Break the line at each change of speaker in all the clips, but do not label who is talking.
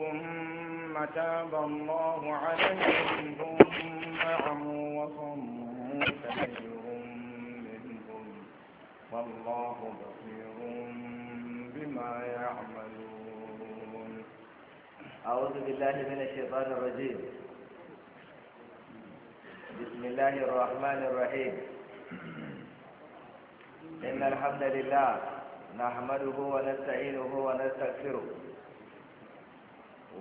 ثم تاب الله عليهم ثم عموا وصموا كثير منهم والله بصير بما يعملون أعوذ بالله من الشيطان الرجيم بسم الله الرحمن الرحيم إن الحمد لله نحمده ونستعينه ونستغفره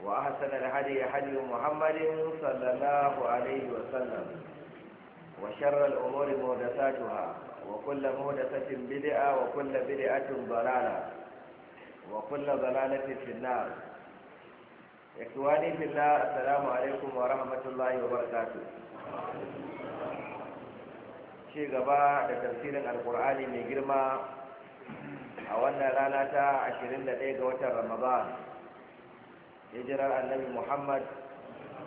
وأحسن الهدي هدي محمد صلى الله عليه وسلم وشر الأمور مهدساتها وكل مهدسة بدعة وكل بدعة ضلالة وكل ضلالة في النار إخواني في الله السلام عليكم ورحمة الله وبركاته شيء gaba da tafsirin alkur'ani mai girma a wannan rana ta 21 ga watan ramadan hijirar annabi muhammad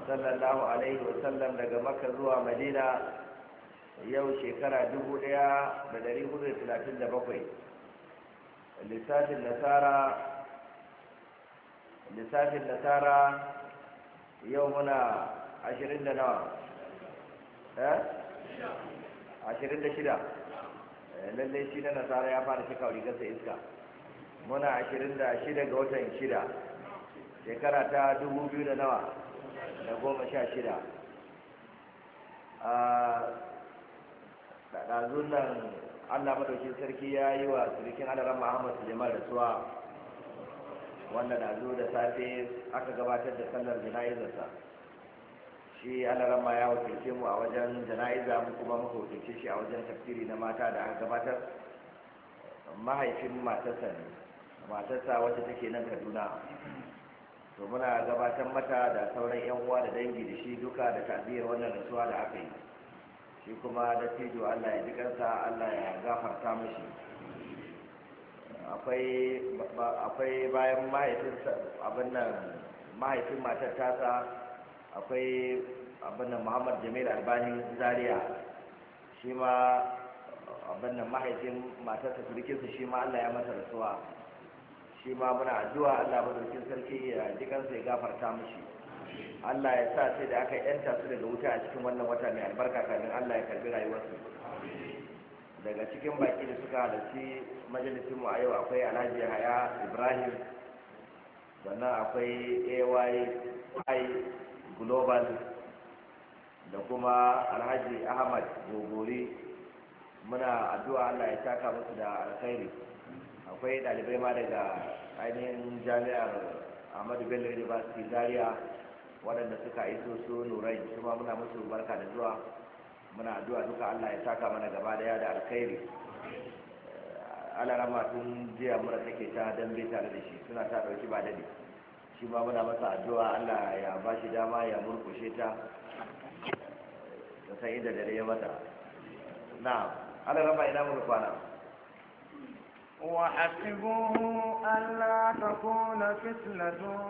sallallahu alaihi wasallam daga makka zuwa madina yau shekara bakwai. lissafin nasara lissafin nasara yau muna ashirin da nawa eh? ashirin da shida eh, lallai shi na nasara ya fara kawai gasa iska muna ashirin da shida ga watan shida shekara ta dubu biyu da nawa da goma sha shida a ɗazun nan allah maɗaukin sarki ya yi wa surikin alaran muhammad suleiman suwa wanda ɗazu da safe aka gabatar da sallar jana'izarsa shi alaran ma ya wakilce mu a wajen jana'iza mu kuma muka wakilce shi a wajen tafsiri na mata da aka gabatar mahaifin matarsa ne matarsa wacce take nan kaduna to muna gabatar mata da sauran yan uwa da dangi da shi duka da tabiyar wannan rasuwa da aka yi shi kuma da tijo Allah ya ji Allah ya gafarta mishi akwai akwai bayan mahaifin abin nan mahaifin matar tasa akwai abin nan Muhammad Jamil Albani Zaria shi ma abin nan mahaifin matarsa surukinsa shi ma Allah ya masa rasuwa shi ma muna addu'a Allah madaukin sarki ya ji kansa ya gafarta mishi Allah ya sa sai da aka yanta su daga wuta a cikin wannan wata mai albarka kafin Allah ya karbi rayuwarsu daga cikin baki da suka halarci mu a yau akwai alhaji haya ibrahim sannan akwai ay global da kuma alhaji ahmad gogori muna addu'a Allah ya taka musu da alkhairi akwai ɗalibai ma daga ainihin jami'ar ahmadu bello university zaria waɗanda suka iso su nurai kuma muna musu barka da zuwa muna addu'a duka allah ya saka mana gaba daya da alkhairi eh, alarama tun jiya mura take ta dambe tare da shi suna ta ɗauki ba dade shi ma muna masa addu'a allah ya ba shi dama ya murkushe ta ta san inda dare ya mata na alarama ina muka kwana وحسبوه ألا تكون فتنة